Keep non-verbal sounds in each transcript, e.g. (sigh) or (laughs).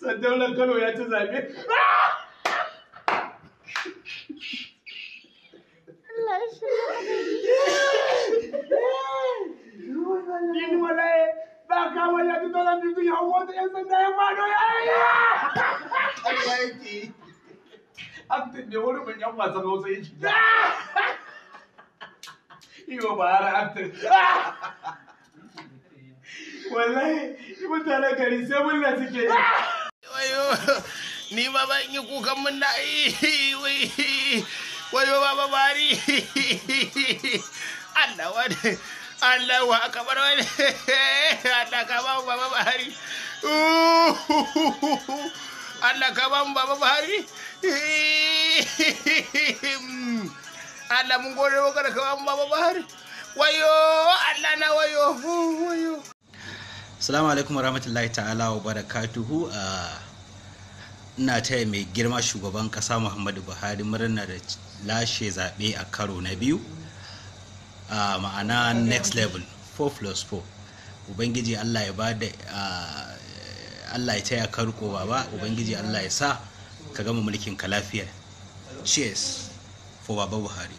Sandaulan Kano ya ci zaɓe. Allah shi ba ka wala ta tsoron jirgin ya wata ‘yan sanda ya ya yi. Aktin ne wani mun yan wasan Hausa ya ci. Iyo ba wallahi mutane gari sai mulla suke (laughs) ni ma ban yi kukan mun da (laughs) wayo baba bari (laughs) Allah wani Allah wa aka bar wani Allah ka ba baba bari Allah ka ba baba bari Allah mun gode maka da ka ba baba bari wayo Allah na wayo wayo Assalamu alaikum warahmatullahi ta'ala wa barakatuhu ah, ina taya mai girma shugaban kasa muhammadu buhari murna da lashe zaɓe a karo na biyu a ma'ana next level 4 plus 4 ubangiji allah ya ba allah ya taya karo riko baba ubangiji allah ya sa ka gama mulkin ka lafiya cheers for baba buhari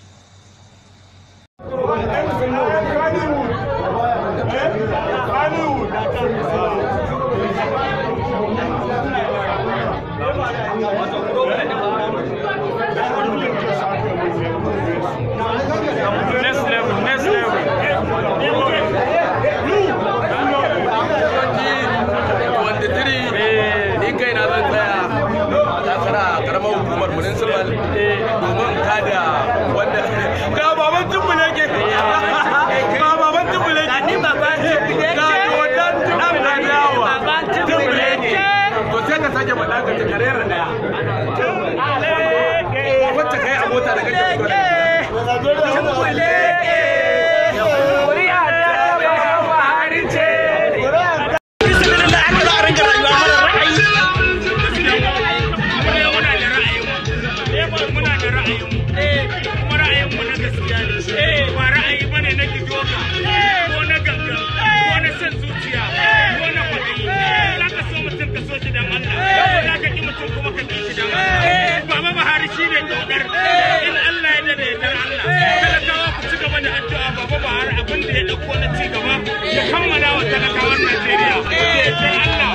shi ne dokar in Allah ya dade da Allah talakawa ku ci gaba da addu'a baba ba har abin da ya dauko na ci gaba ya kammala wa talakawan Najeriya da Allah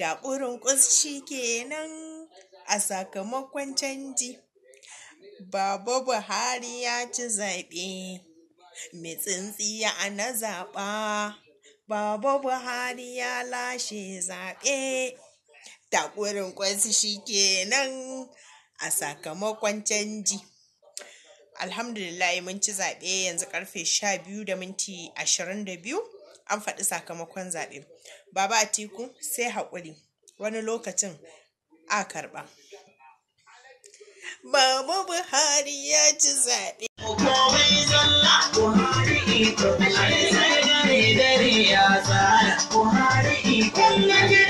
takurin ƙusci kenan a sakamakon canji. Baba Buhari ya ci zaɓe, mai tsintsiya a na zaɓa. Baba Buhari ya lashe zaɓe, takurin ƙusci kenan a sakamakon canji. alhamdulillah mun ci zaɓe yanzu karfe 12 da minti an faɗi sakamakon zaɓe. Baba Atiku sai haƙuri wani lokacin a karɓa. Baba Buhari ya ci zaɓe. Komai zalla Buhari dare ya tsara Buhari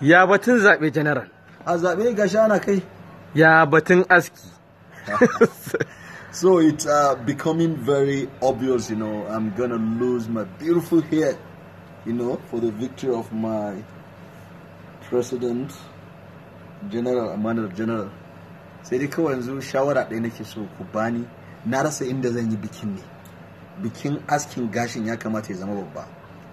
ya batun zaɓe general a zaɓe gashi ana kai ya batun aski (laughs) so it's uh, becoming very obvious you know i'm gonna lose my beautiful hair you know for the victory of my president general amanar general sai dai kawai yanzu shawara ɗaya nake so ku bani na rasa inda zan yi bikin ne bikin askin gashin ya kamata ya zama babba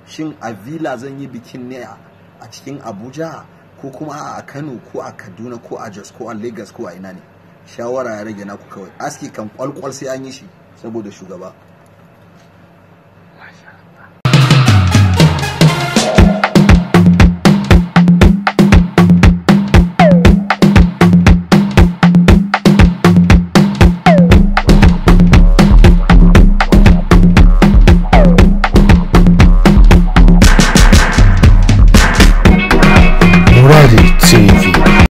shin a villa zan yi bikin ne a a cikin abuja ko kuma a kano ko a kaduna ko a jos ko a lagos ko a ina ne shawara ya rage naku kawai aski kan kwalkwal sai an yi shi saboda shugaba